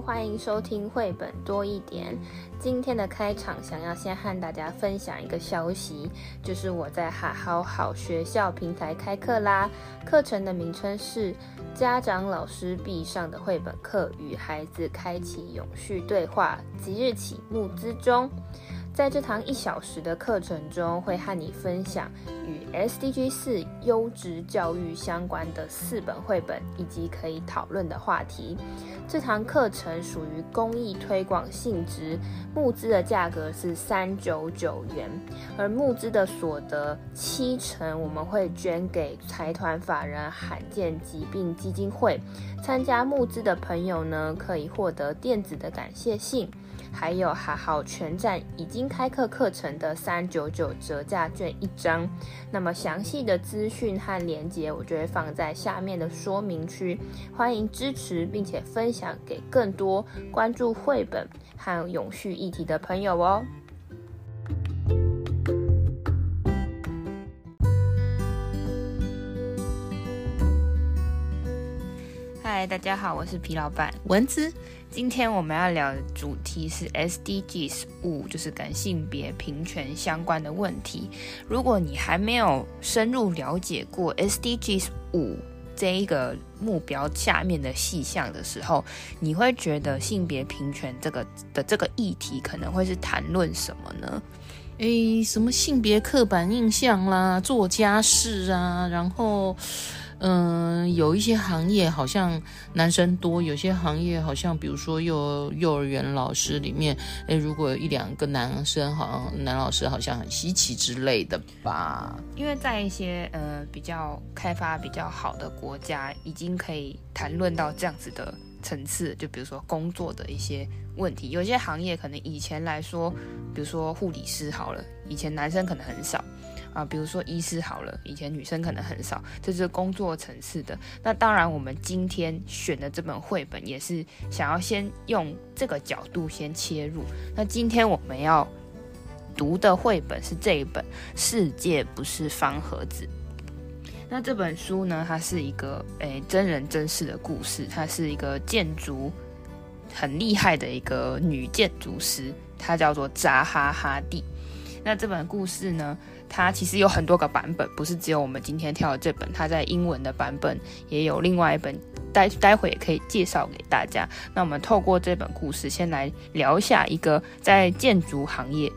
歡迎收聽繪本多一點。今天的開場，想要先和大家分享一個消息，就是我在哈好好學校平台開課啦。課程的名稱是《家長老師必上的繪本課》，與孩子開啟永續對話。即日起募資中。在這堂一小時的課程中，會和你分享與 SDG 四優質教育相關的四本繪本以及可以討論的話題。這堂課程屬於公益推廣性質，募資的價格是三九九元，而募資的所得七成我們會捐給財團法人罕見疾病基金會。參加募資的朋友呢，可以獲得電子的感謝信。還有，Hahow 全站已經開課課程的三九九折價券一張。那麼詳細的資訊和鏈接，我就會放在下面的說明區。歡迎支持，並且分享給更多關注繪本和永續議題的朋友哦。大家好，我是皮老闆文姿。今天我們要聊的主題是 SDGs 五，就是跟性別平權相關的問題。如果你還沒有深入了解過 SDGs 五這一個目標下面的細項的時候，你會覺得性別平權這個的這個議題可能會是談論什麼呢？誒，什麼性別刻板印象啦，做家事啊，然後。嗯，有一些行業好像男生多，有些行業好像，比如說幼兒幼兒園老師裡面，誒，如果有一兩個男生，好像男老師好像很稀奇之類的吧。因為在一些呃比較開發比較好的國家，已經可以談論到這樣子的層次，就比如說工作的一些問題，有些行業可能以前來說，比如說護理師好了，以前男生可能很少。啊，比如說醫師好了，以前女生可能很少，這是工作層次的。那當然，我們今天選的這本繪本也是想要先用這個角度先切入。那今天我們要讀的繪本是這一本《世界不是方盒子》。那這本書呢，它是一個誒真人真事的故事，它是一個建築很厲害的一個女建築師，她叫做札哈哈蒂。那這本故事呢，它其實有很多個版本，不是只有我們今天挑的這本。它在英文的版本也有另外一本，待待會也可以介紹給大家。那我們透過這本故事，先來聊一下一個在建築行業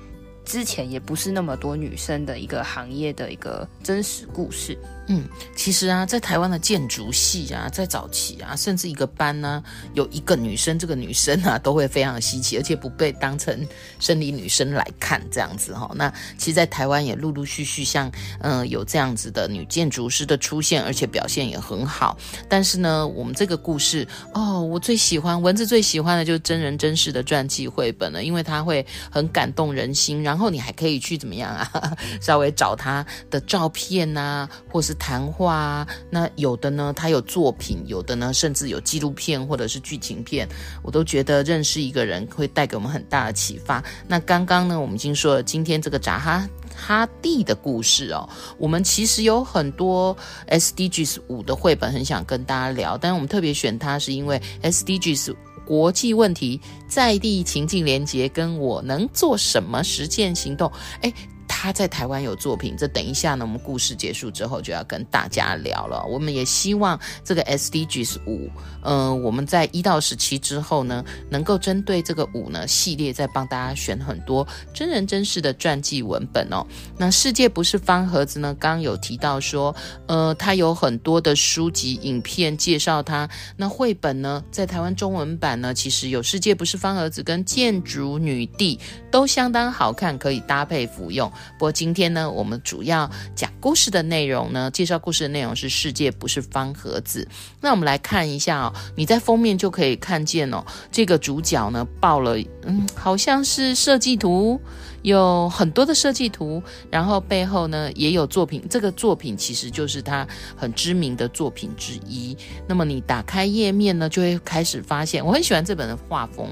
之前也不是那麼多女生的一個行業的一個真實故事。嗯，其實啊，在台灣的建築系啊，在早期啊，甚至一個班呢、啊、有一個女生，這個女生啊，都會非常的稀奇，而且不被當成生理女生來看這樣子哈、哦。那其實，在台灣也陸陸續續像，嗯、呃，有這樣子的女建築師的出現，而且表現也很好。但是呢，我們這個故事哦，我最喜歡，蚊子最喜歡的就是真人真事的傳記繪本了，因為它會很感動人心。然後你還可以去怎麼樣啊，稍微找她的照片吶、啊，或是。談話，那有的呢，他有作品，有的呢，甚至有紀錄片或者是劇情片，我都覺得認識一個人會帶給我們很大的啟發。那剛剛呢，我們已經說了今天這個札哈哈蒂的故事哦，我們其實有很多 SDGs 五的繪本很想跟大家聊，但我們特別選它是因為 SDGs 國際問題、在地情境連結跟我能做什麼實踐行動，誒他在台灣有作品，這等一下呢，我們故事結束之後就要跟大家聊了。我們也希望這個 SDGs 五，嗯，我們在一到十七之後呢，能夠針對這個五呢系列，再幫大家選很多真人真事的傳記文本哦。那世界不是方盒子呢，剛有提到說，呃，他有很多的書籍、影片介紹他。那繪本呢，在台灣中文版呢，其實有《世界不是方盒子》跟《建築女帝》都相當好看，可以搭配服用。不過今天呢，我們主要講故事的內容呢，介紹故事的內容是《世界不是方盒子》。那我們來看一下哦，你在封面就可以看見哦，這個主角呢抱了，嗯，好像是設計圖，有很多的設計圖，然後背後呢也有作品。這個作品其實就是他很知名的作品之一。那麼你打開頁面呢，就會開始發現，我很喜歡這本的畫風，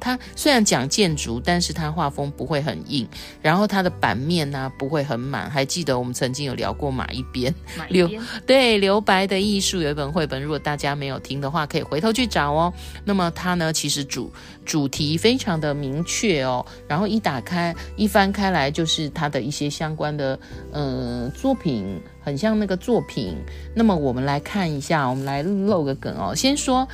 它雖然講建築，但是它畫風不會很硬，然後它的版面。面呢、啊、不會很滿，還記得我們曾經有聊過馬一邊留對留白的藝術有一本繪本，如果大家沒有聽的話，可以回頭去找哦。那麼它呢其實主主題非常的明確哦，然後一打開一翻開來就是它的一些相關的呃作品，很像那個作品。那麼我們來看一下，我們來露個梗哦，先說。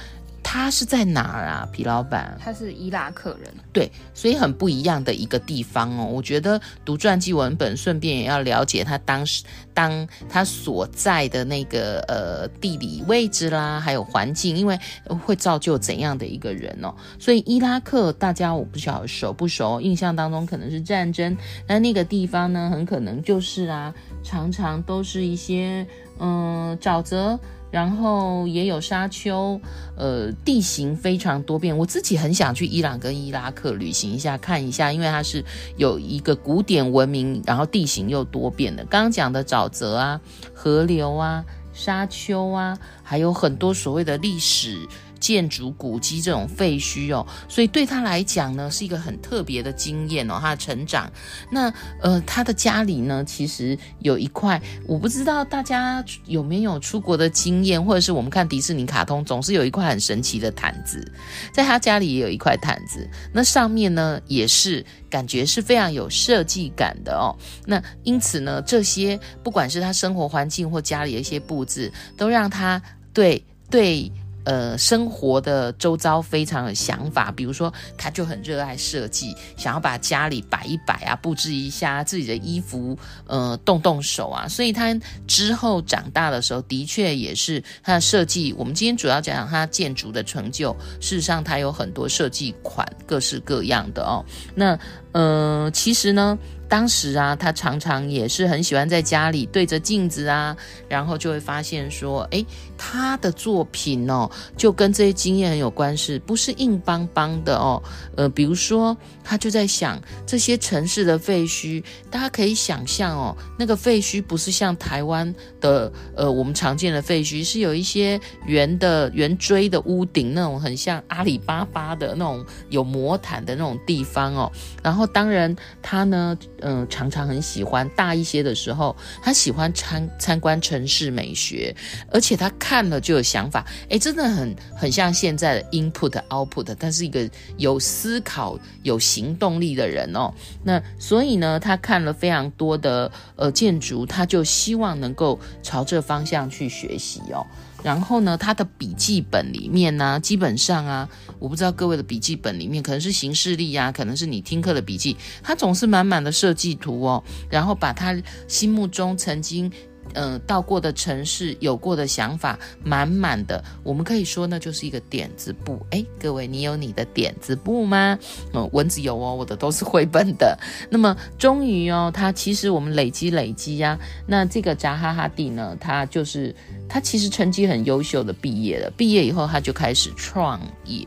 他是在哪兒啊，皮老板？他是伊拉克人，對，所以很不一樣的一個地方哦。我覺得讀傳記文本，順便也要了解他當時當他所在的那個呃地理位置啦，還有環境，因為會造就怎樣的一個人哦。所以伊拉克大家我不曉得熟不熟，印象當中可能是戰爭，那那個地方呢，很可能就是啊，常常都是一些嗯、呃、沼澤。然後也有沙丘，呃，地形非常多變。我自己很想去伊朗跟伊拉克旅行一下，看一下，因為它是有一個古典文明，然後地形又多變的。剛剛講的沼澤啊、河流啊、沙丘啊，還有很多所謂的歷史。建築古蹟這種廢墟哦，所以對他來講呢，是一個很特別的經驗哦。他的成長，那呃，他的家裡呢，其實有一塊，我不知道大家有沒有出國的經驗，或者是我們看迪士尼卡通，總是有一塊很神奇的毯子，在他家裡也有一塊毯子。那上面呢，也是感覺是非常有設計感的哦。那因此呢，這些不管是他生活環境或家裡的一些布置，都讓他對對。呃，生活的周遭非常有想法，比如說，他就很熱愛設計，想要把家裡擺一擺啊，佈置一下自己的衣服，呃，動動手啊。所以他之後長大的時候，的確也是他的設計。我們今天主要講講他建築的成就，事實上他有很多設計款，各式各樣的哦。那，呃，其實呢。當時啊，他常常也是很喜歡在家裡對着鏡子啊，然後就會發現說，哎，他的作品哦，就跟這些經驗很有關係，不是硬邦邦的哦。呃，比如說他就在想這些城市的廢墟，大家可以想象哦，那個廢墟不是像台灣的呃我們常見的廢墟，是有一些圓的圓錐的屋頂那種，很像阿里巴巴的那種有魔毯的那種地方哦。然後當然他呢。嗯，常常很喜歡大一些的時候，他喜歡參參觀城市美學，而且他看了就有想法，誒真的很很像現在的 input output，他是一個有思考、有行動力的人哦。那所以呢，他看了非常多的呃建築，他就希望能夠朝這方向去學習哦。然後呢，他的筆記本裡面呢、啊，基本上啊，我不知道各位的筆記本裡面，可能是行事曆呀，可能是你聽課的筆記，他總是滿滿的設計圖哦，然後把他心目中曾經嗯、呃，到過的城市，有過的想法，滿滿的。我們可以說，那就是一個點子簿。哎，各位，你有你的點子簿嗎？嗯、哦，文字有哦，我的都是繪本的。那麼，終於哦，他其實我們累積累積呀、啊。那這個札哈‧哈蒂呢，他就是他其實成績很優秀的畢業了。畢業以後，他就開始創業。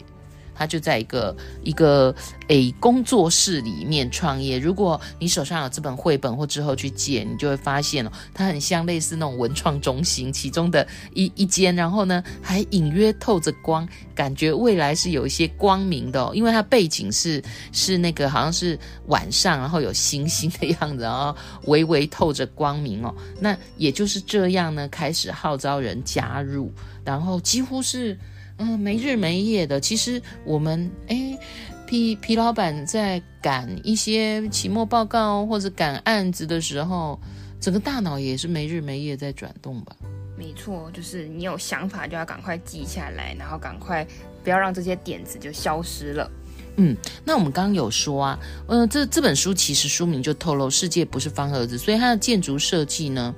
他就在一個一個誒、欸、工作室裡面創業。如果你手上有這本繪本，或之後去借，你就會發現哦，它很像類似那種文創中心其中的一一間。然後呢，還隱約透着光，感覺未來是有一些光明的哦，因爲它背景是是那個好像是晚上，然後有星星的樣子，然後微微透着光明哦。那也就是這樣呢，開始號召人加入，然後幾乎是。嗯，沒日沒夜的。其實我們哎，皮皮老闆在趕一些期末報告，或者趕案子的時候，整個大腦也是沒日沒夜在轉動吧？沒錯，就是你有想法就要趕快記下來，然後趕快不要讓這些點子就消失了。嗯，那我們剛剛有說啊，嗯、呃，這這本書其實書名就透露，世界不是方盒子，所以它的建築設計呢？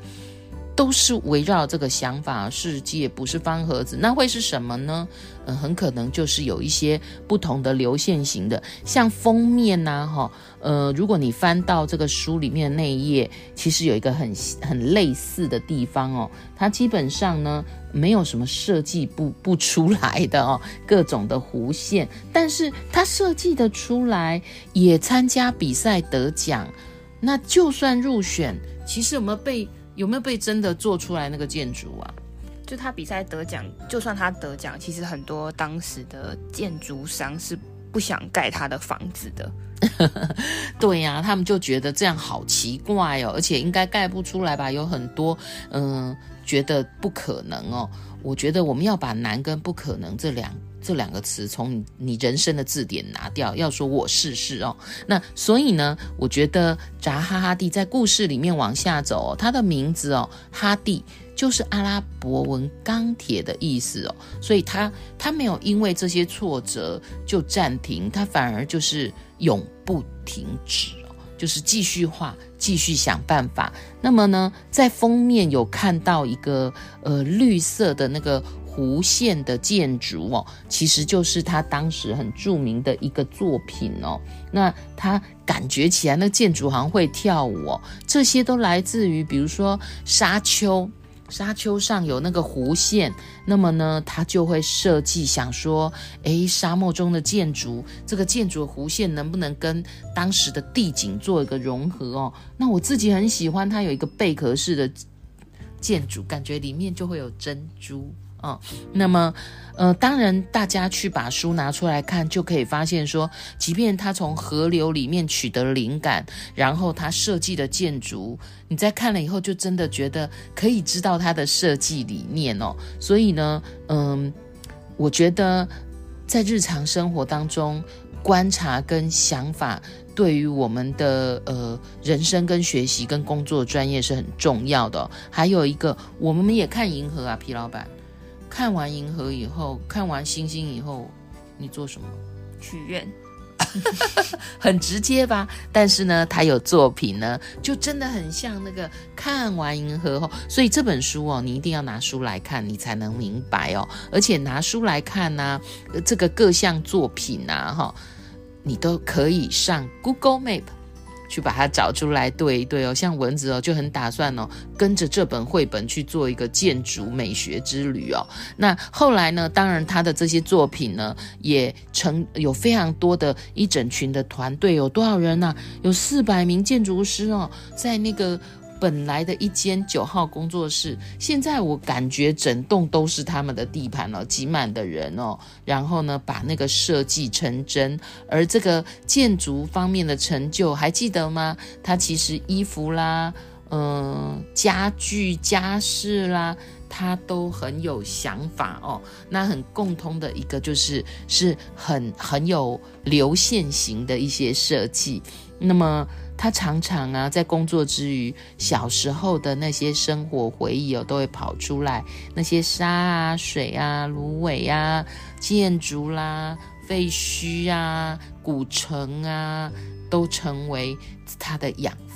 都是圍繞這個想法，世界不是方盒子，那會是什麼呢？嗯、呃，很可能就是有一些不同的流線型的，像封面吶，哈，呃，如果你翻到這個書裡面那一頁，其實有一個很很類似的地方哦，它基本上呢，沒有什麼設計不不出來的哦，各種的弧線，但是它設計得出來也參加比賽得獎，那就算入選，其實我們被？有沒有被真的做出來那個建築啊？就他比賽得獎，就算他得獎，其實很多當時的建築商是不想蓋他的房子的。 對呀，他們就覺得這樣好奇怪哦，而且應該蓋不出來吧？有很多嗯，覺得不可能哦。我覺得我們要把難跟不可能這兩。這兩個詞從你人生的字典拿掉，要說我試試哦。那所以呢，我覺得札哈哈蒂在故事裡面往下走，哦，他的名字哦，哈蒂就是阿拉伯文鋼鐵的意思哦。所以他他沒有因為這些挫折就暫停，他反而就是永不停止哦，就是繼續畫，繼續想辦法。那麼呢，在封面有看到一個呃綠色的那個。弧線的建築哦，其實就是他當時很著名的一個作品哦。那他感覺起來，那個建築好像會跳舞哦。這些都來自於，比如說沙丘，沙丘上有那個弧線，那麼呢，他就會設計想說，哎，沙漠中的建築，這個建築的弧線能不能跟當時的地景做一個融合哦？那我自己很喜歡它有一個貝殼式的建築，感覺裡面就會有珍珠。啊、哦，那麼，呃，當然，大家去把書拿出來看，就可以發現說，即便他從河流裡面取得靈感，然後他設計的建築，你在看了以後，就真的覺得可以知道他的設計理念哦。所以呢，嗯、呃，我覺得在日常生活當中，觀察跟想法對於我們的呃人生、跟學習、跟工作專業是很重要的、哦。還有一個，我們也看銀河啊，皮老闆。看完銀河以後，看完星星以後，你做什麼？許願， 很直接吧？但是呢，他有作品呢，就真的很像那個看完銀河後，所以這本書哦，你一定要拿書來看，你才能明白哦。而且拿書來看呢、啊，這個各項作品啊，哈，你都可以上 Google Map。去把它找出來對一對哦，像蚊子哦就很打算哦跟着這本繪本去做一個建築美學之旅哦。那後來呢？當然他的這些作品呢也成，有非常多的一整群的團隊，有多少人呢、啊？有四百名建築師哦，在那個。本來的一間九號工作室，現在我感覺整棟都是他們的地盤了哦，擠滿的人哦。然後呢，把那個設計成真，而這個建築方面的成就，還記得嗎？她其實衣服啦，嗯、呃，家具家飾啦，她都很有想法哦。那很共通的一個就是，是很很有流線型的一些設計。那麼。他常常啊，在工作之餘，小時候的那些生活回憶哦，都會跑出來。那些沙啊、水啊、蘆葦啊、建築啦、啊、廢墟啊、古城啊，都成為她的養分。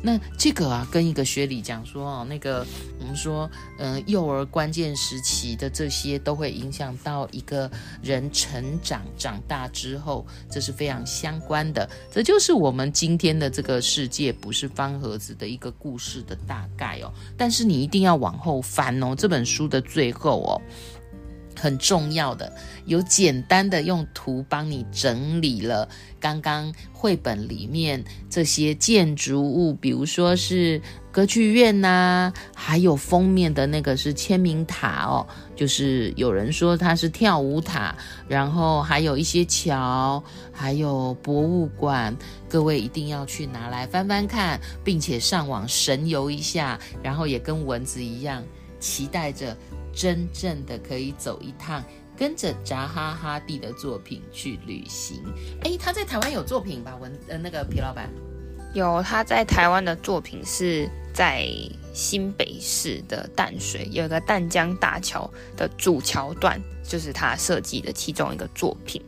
那這個啊，跟一個學理講說哦，那個我們說，嗯、呃，幼兒關鍵時期的這些都會影響到一個人成長，長大之後，這是非常相關的。這就是我們今天的這個世界不是方盒子的一個故事的大概哦。但是你一定要往後翻哦，這本書的最後哦。很重要的，有簡單的用圖幫你整理了剛剛繪本裡面這些建築物，比如說是歌劇院吶、啊，還有封面的那個是簽名塔哦，就是有人說它是跳舞塔，然後還有一些橋，還有博物館，各位一定要去拿來翻翻看，並且上網神遊一下，然後也跟蚊子一樣期待着。真正的可以走一趟，跟着札哈哈蒂的作品去旅行。誒，他在台灣有作品吧？文呃，那個皮老板有他在台灣的作品，是在新北市的淡水，有一個淡江大橋的主橋段，就是他設計的其中一個作品。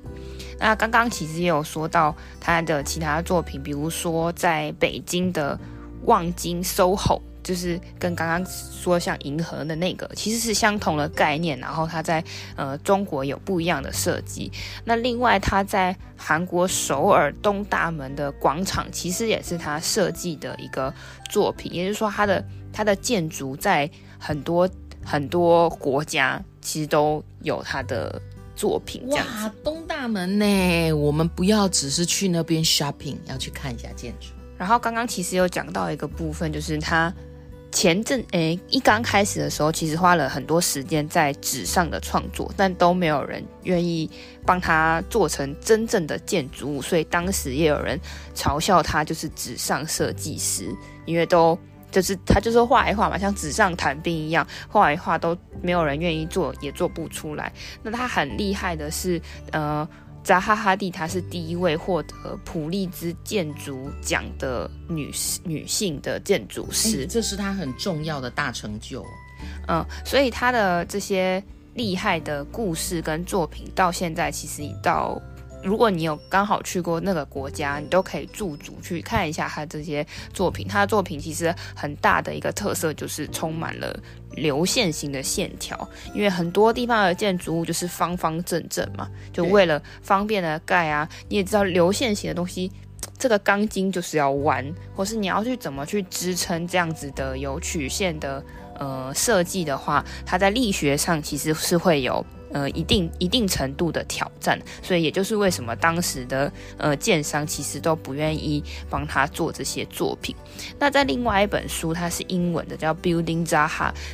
那剛剛其實也有說到他的其他作品，比如說在北京的望京 SOHO。就是跟剛剛說像銀河的那個，其實是相同的概念。然後它在呃中國有不一樣的設計。那另外它在韓國首爾東大門的廣場，其實也是它設計的一個作品。也就是說，它的它的建築在很多很多國家其實都有它的作品。哇，東大門呢，我們不要只是去那邊 shopping，要去看一下建築。然後剛剛其實有講到一個部分，就是它。前陣誒、欸，一剛開始的時候，其實花了很多時間在紙上的創作，但都沒有人願意幫他做成真正的建築物，所以當時也有人嘲笑他就是紙上設計師，因為都就是他就說畫一畫嘛，像紙上談兵一樣，畫一畫都沒有人願意做，也做不出來。那他很厲害的是，呃。札哈哈蒂，她是第一位獲得普立茲建築獎的女女性的建築師，這是她很重要的大成就。嗯，所以她的這些厲害的故事跟作品，到現在其實已到。如果你有剛好去過那個國家，你都可以駐足去看一下他這些作品。他的作品其實很大的一個特色就是充滿了流線型的線條，因為很多地方的建築物就是方方正正嘛，就為了方便的蓋啊。對你也知道，流線型的東西，這個鋼筋就是要彎，或是你要去怎麼去支撐這樣子的有曲線的呃設計的話，它在力學上其實是會有。呃，一定一定程度的挑戰，所以也就是為什麼當時的呃，建商其實都不願意幫他做這些作品。那在另外一本書，它是英文的，叫《Building Zaha》，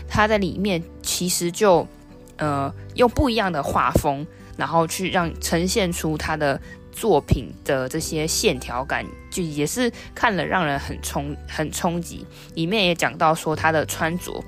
他在裡面其實就呃，用不一樣的畫風，然後去讓呈現出他的作品的這些線條感，就也是看了讓人很衝很衝擊。裡面也講到說他的穿着。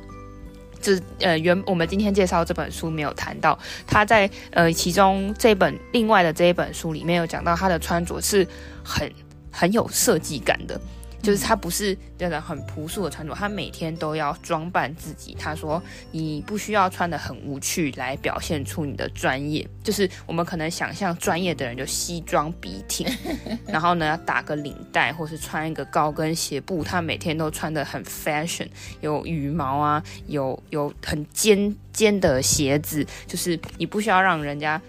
這呃原，我們今天介紹這本書沒有談到，他在呃其中這本另外的這一本書裡面有講到他的穿着是很很有設計感的。就是他不是真的很樸素的穿着，他每天都要裝扮自己。他說：“你不需要穿的很無趣來表現出你的專業。”就是我們可能想象專業的人就西裝筆挺，然後呢，要打個領帶，或是穿一個高跟鞋不。他每天都穿的很 fashion，有羽毛啊，有有很尖尖的鞋子。就是你不需要讓人家，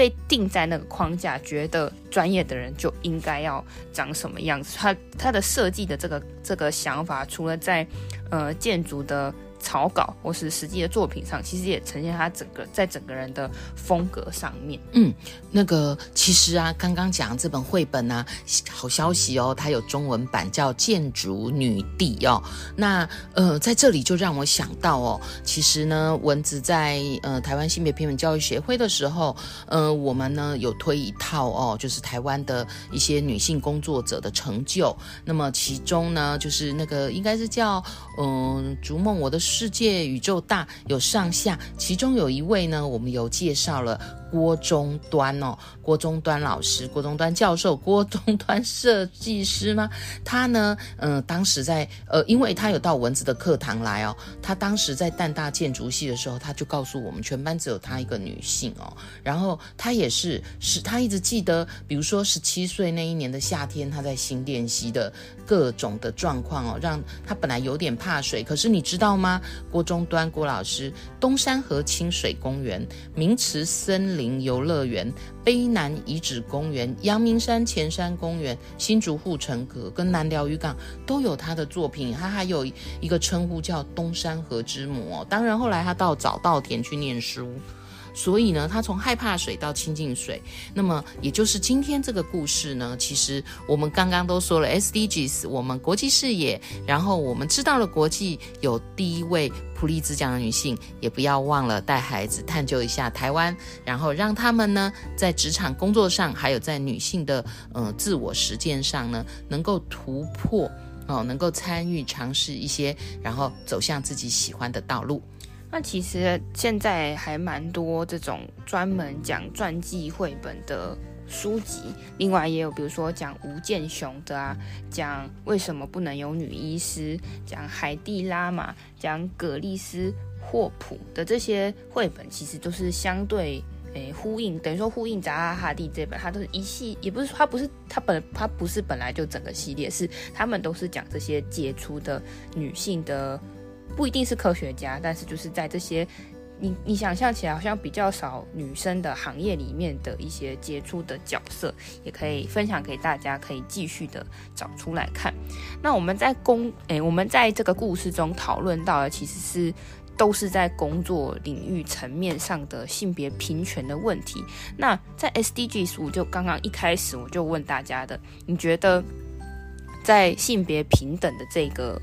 被定在那個框架，覺得專業的人就應該要長什麼樣子。他他的設計的這個這個想法，除了在呃建築的。草稿或是實際的作品上，其實也呈現他整個在整個人的風格上面。嗯，那個其實啊，剛剛講這本繪本呢、啊，好消息哦，它有中文版叫《建築女帝》哦。那呃，在這裡就讓我想到哦，其實呢，文字在呃台灣性別平等教育協會的時候，呃，我們呢有推一套哦，就是台灣的一些女性工作者的成就。那麼其中呢，就是那個應該是叫嗯，呃《逐夢我的》。世界宇宙大有上下，其中有一位呢，我們有介紹了。郭中端哦，郭中端老師，郭中端教授，郭中端設計師嗎？他呢，嗯，當時在呃，因為他有到文字的課堂來哦，他當時在淡大建築系的時候，他就告訴我們，全班只有他一個女性哦。然後他也是，是他一直記得，比如說十七歲那一年的夏天，他在新店溪的各種的狀況哦，讓他本來有點怕水，可是你知道嗎？郭中端郭老師，冬山河親水公園、明池森林、林遊樂園、卑南遺址公園、陽明山前山公園、新竹護城河跟南寮漁港都有他的作品。他還有一個稱呼叫東山河之母。當然後來他到早稻田去唸書。所以呢，她從害怕水到親近水，那麼也就是今天這個故事呢，其實我們剛剛都說了 SDGs，我們國際視野，然後我們知道了國際有第一位普立茲獎的女性，也不要忘了帶孩子探究一下台灣，然後讓他們呢，在職場工作上，還有在女性的嗯、呃、自我實踐上呢，能夠突破哦，能夠參與嘗試一些，然後走向自己喜歡的道路。那其實現在還蠻多這種專門講傳記繪本的書籍，另外也有比如說講吳健雄的啊，講為什麼不能有女醫師，講海蒂拉瑪，講葛麗絲霍普的這些繪本，其實都是相對誒呼應，等於說呼應札哈‧哈蒂這本，它都是一系，也不是說它不是它本它不是本來就整個系列，是他們都是講這些傑出的女性的。不一定是科學家，但是就是在這些你你想象起來好像比較少女生的行業裡面的一些傑出的角色，也可以分享給大家，可以繼續的找出來看。那我們在工誒、欸，我們在這個故事中討論到的其實是都是在工作領域層面上的性別平權的問題。那在 SDGs 我就剛剛一開始我就問大家的，你覺得在性別平等的這個。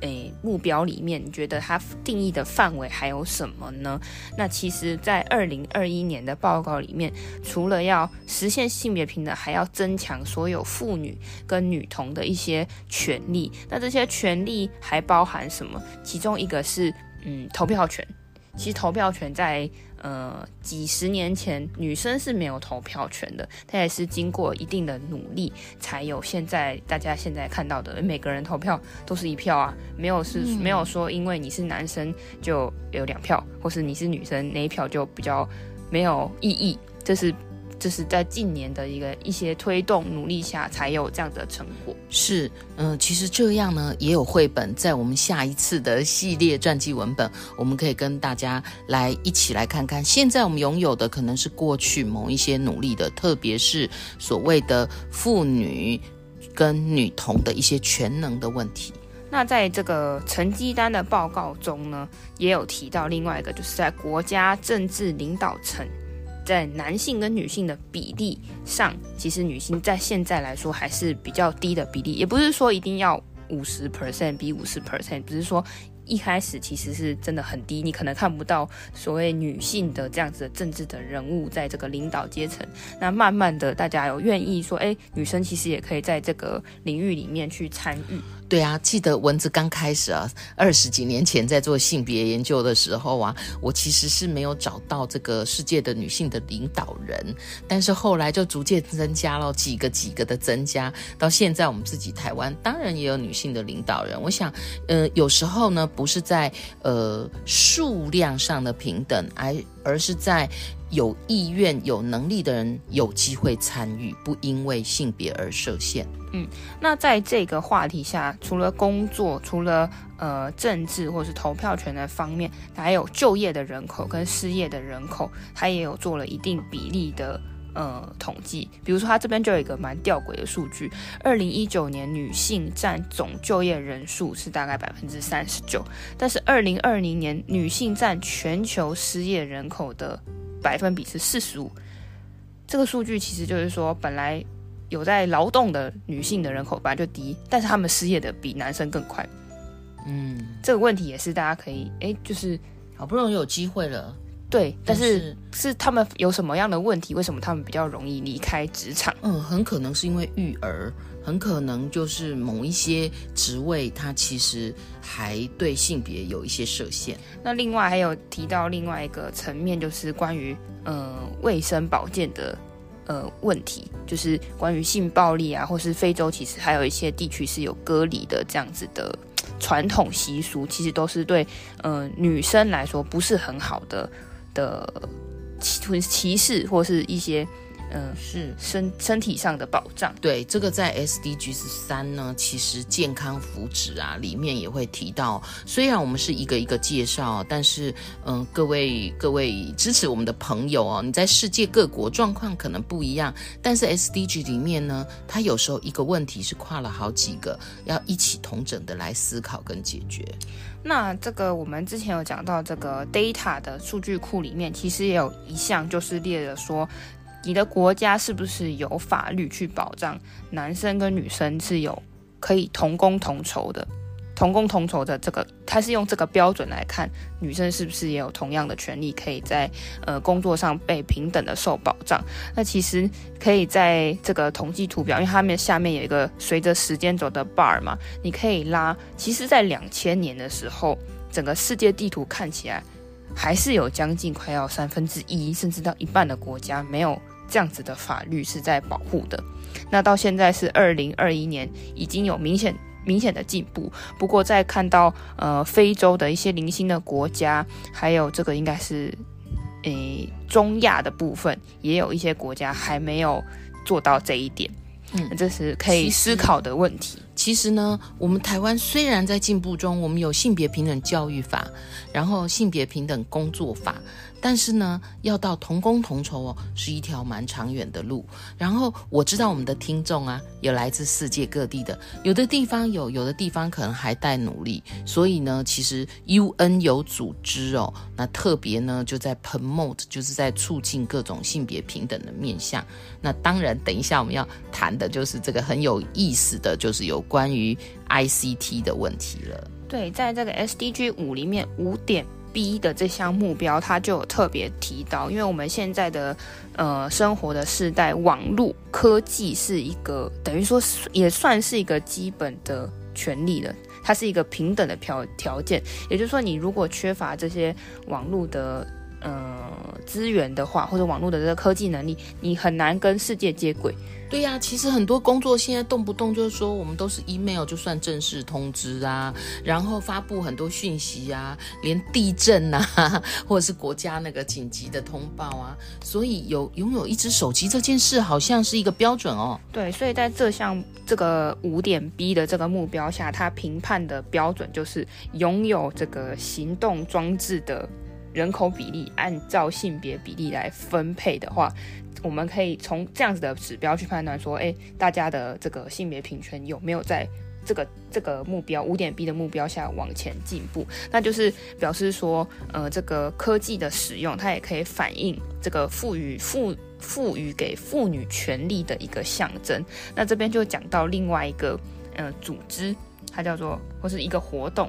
誒、哎，目標裡面，你覺得它定義的範圍還有什麼呢？那其實在二零二一年的報告裡面，除了要實現性別平等，還要增強所有婦女跟女童的一些權利。那這些權利還包含什麼？其中一個是，嗯，投票權。其實投票權在。呃，幾十年前女生是沒有投票權的，她也是經過一定的努力才有現在大家現在看到的每個人投票都是一票啊，沒有是沒有說因為你是男生就有兩票，或是你是女生那一票就比較沒有意義，這是。這是在近年的一個一些推動努力下，才有這樣子的成果。是，嗯，其實這樣呢，也有繪本在我們下一次的系列傳記文本，我們可以跟大家來一起來看看，現在我們擁有的可能是過去某一些努力的，特別是所謂的婦女跟女童的一些全能的問題。那在這個成績單的報告中呢，也有提到另外一個，就是在國家政治領導層。在男性跟女性的比例上，其實女性在現在來說還是比較低的比例。也不是說一定要五十 percent 比五十 percent，不是說一開始其實是真的很低，你可能看不到所謂女性的這樣子的政治的人物在這個領導階層。那慢慢的，大家有願意說，哎，女生其實也可以在這個領域裡面去參與。對啊，記得文字剛開始啊，二十幾年前在做性別研究的時候啊，我其實是沒有找到這個世界的女性的領導人，但是後來就逐漸增加了，幾個幾個的增加，到現在我們自己台灣當然也有女性的領導人。我想，嗯、呃，有時候呢，不是在呃數量上的平等，而而是在。有意願、有能力的人有機會參與，不因為性別而設限。嗯，那在這個話題下，除了工作，除了呃政治或是投票權的方面，還有就業的人口跟失業的人口，他也有做了一定比例的。呃，統計，比如說，他這邊就有一個蠻吊詭的數據，二零一九年女性佔總就業人數是大概百分之三十九，但是二零二零年女性佔全球失業人口的百分比是四十五。這個數據其實就是說，本來有在勞動的女性的人口本來就低，但是他們失業的比男生更快。嗯，這個問題也是大家可以，哎，就是好不容易有機會了。對，但是但是，是他們有什麼樣的問題？為什麼他們比較容易離開職場？嗯，很可能是因為育兒，很可能就是某一些職位，它其實還對性別有一些設限。那另外還有提到另外一個層面，就是關於嗯、呃、衛生保健的呃問題，就是關於性暴力啊，或是非洲其實還有一些地區是有隔離的這樣子的傳統習俗，其實都是對嗯、呃、女生來說不是很好的。的歧歧視，或是一些。嗯，是身身體上的保障。對這個，在 SDGs 三呢，其實健康福祉啊，裡面也會提到。雖然我們是一個一個介紹，但是嗯，各位各位支持我們的朋友哦，你在世界各國狀況可能不一樣，但是 S D G 裡面呢，它有時候一個問題是跨了好幾個，要一起統整的來思考跟解決。那這個我們之前有講到，這個 data 的數據庫裡面，其實也有一項就是列了說。你的國家是不是有法律去保障男生跟女生是有可以同工同酬的？同工同酬的這個，它是用這個標準來看，女生是不是也有同樣的權利，可以在呃工作上被平等的受保障。那其實可以在這個統計圖表，因為他們下面有一個隨着時間走的 bar 嘛，你可以拉。其實，在兩千年的時候，整個世界地圖看起來還是有將近快要三分之一，3, 甚至到一半的國家沒有。這樣子的法律是在保護的，那到現在是二零二一年，已經有明顯明顯的進步。不過，在看到呃非洲的一些零星的國家，還有這個應該是誒、欸、中亞的部分，也有一些國家還沒有做到這一點。嗯，這是可以思考的問題。其實呢，我們台灣雖然在進步中，我們有性別平等教育法，然後性別平等工作法，但是呢，要到同工同酬哦，是一條蠻長遠的路。然後我知道我們的聽眾啊，有來自世界各地的，有的地方有，有的地方可能還待努力。所以呢，其實 UN 有組織哦，那特別呢就在 promote，就是在促進各種性別平等的面向。那當然，等一下我們要談的就是這個很有意思的，就是有。關於 ICT 的問題了，對，在這個 SDG 五裡面，五點 B 的這項目標，它就有特別提到，因為我們現在的呃生活的世代，網絡科技是一個等於說也算是一個基本的權利了，它是一個平等的條條件，也就是說，你如果缺乏這些網絡的。呃，資源的話，或者網絡的這個科技能力，你很難跟世界接軌。對呀，啊，其實很多工作現在動不動就是說，我們都是 email 就算正式通知啊，然後發布很多訊息啊，連地震啊，或者是國家那個緊急的通報啊，所以有擁有一只手機這件事，好像是一個標準哦。對，所以在這項這個五點 B 的這個目標下，它評判的標準就是擁有這個行動裝置的。人口比例按照性別比例來分配的話，我們可以從這樣子的指標去判斷說，哎、欸，大家的這個性別平權有沒有在這個這個目標五點 B 的目標下往前進步？那就是表示說，呃，這個科技的使用它也可以反映這個賦予賦賦予給婦女權利的一個象徵。那這邊就講到另外一個呃組織，它叫做或是一個活動。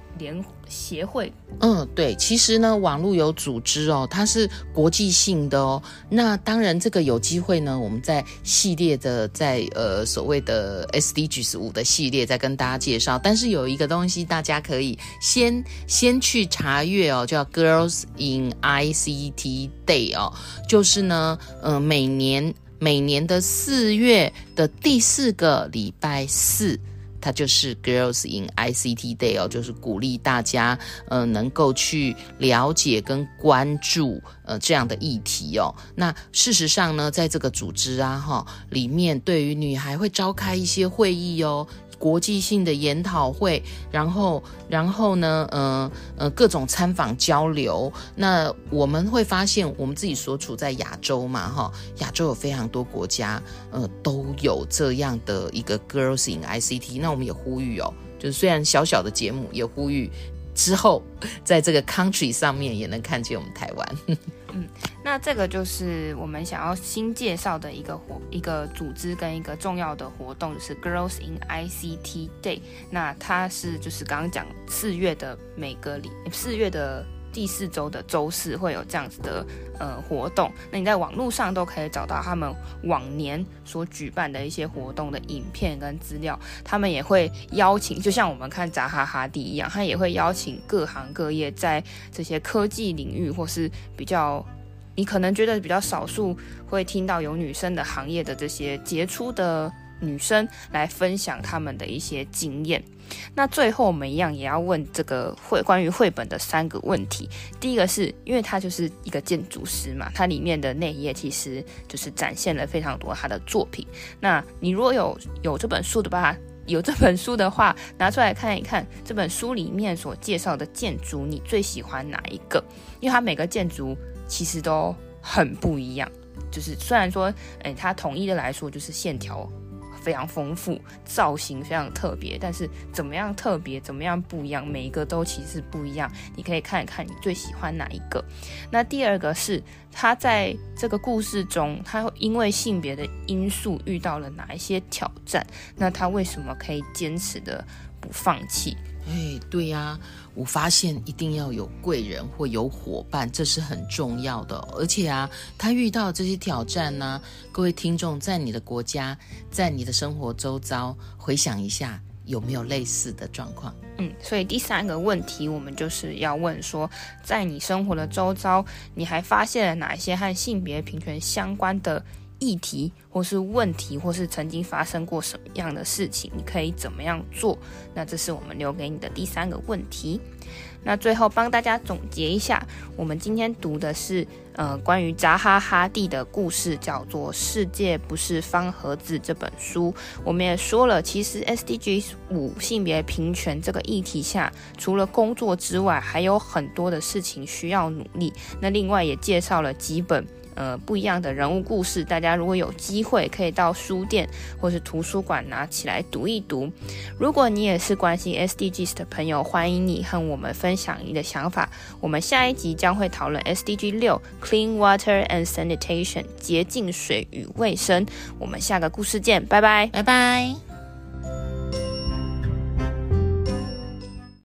聯協會，嗯，對，其實呢，網絡有組織哦，它是國際性的哦。那當然，這個有機會呢，我們在系列的，在呃所謂的 SDGs 五的系列再跟大家介紹。但是有一個東西，大家可以先先去查閱哦，叫 Girls in ICT Day 哦，就是呢，呃，每年每年的四月的第四個禮拜四。它就是 Girls in ICT Day 哦，就是鼓勵大家，呃，能夠去了解跟關注，呃，這樣的議題哦。那事實上呢，在這個組織啊，哈、哦，裡面對於女孩會召開一些會議哦。國際性的研討會，然後，然後呢，呃，呃，各種參訪交流，那我們會發現，我們自己所處在亞洲嘛，哈，亞洲有非常多國家，呃，都有這樣的一個 Girls in ICT。那我們也呼籲哦，就是雖然小小的節目，也呼籲之後在這個 country 上面也能看見我們台灣。嗯，那這個就是我們想要新介紹的一個活、一個組織跟一個重要的活動，是 Girls in ICT Day。那它是就是剛剛講四月的每個禮，四月的，第四週的週四會有這樣子的呃活動，那你在網絡上都可以找到他們往年所舉辦的一些活動的影片跟資料。他們也會邀請，就像我們看札哈‧哈蒂一樣，他也會邀請各行各業在這些科技領域或是比較，你可能覺得比較少數會聽到有女生的行業的這些傑出的。女生來分享她們的一些經驗。那最後我們一樣也要問這個會關於繪本的三個問題。第一個是，因為它就是一個建築師嘛，它裡面的內頁其實就是展現了非常多他的作品。那你如果有有這本書的吧，有這本書的話，拿出來看一看。這本書裡面所介紹的建築，你最喜歡哪一個？因為它每個建築其實都很不一樣。就是雖然說，誒、哎，它統一的來說就是線條哦。非常豐富，造型非常特別，但是怎麼樣特別，怎麼樣不一樣，每一個都其實不一樣。你可以看一看你最喜歡哪一個。那第二個是，他在這個故事中，他因為性別的因素遇到了哪一些挑戰？那他為什麼可以堅持的不放棄？哎，對呀、啊。我發現一定要有貴人或有夥伴，這是很重要的。而且啊，他遇到這些挑戰呢，啊，各位聽眾，在你的國家，在你的生活周遭，回想一下有沒有類似的狀況？嗯，所以第三個問題，我們就是要問說，在你生活的周遭，你還發現了哪一些和性別平權相關的議題，或是問題，或是曾經發生過什麼樣的事情，你可以怎麼樣做？那這是我們留給你的第三個問題。那最後幫大家總結一下，我們今天讀的是呃關於札哈哈蒂的故事，叫做《世界不是方盒子》這本書。我們也說了，其實 SDG 五性別平權這個議題下，除了工作之外，還有很多的事情需要努力。那另外也介紹了幾本。呃，不一樣的人物故事，大家如果有機會，可以到書店或是圖書館拿起來讀一讀。如果你也是關心 SDGs 的朋友，歡迎你和我們分享你的想法。我們下一集將會討論 SDG 六，Clean Water and Sanitation，潔淨水與衛生。我們下個故事見，拜拜，拜拜。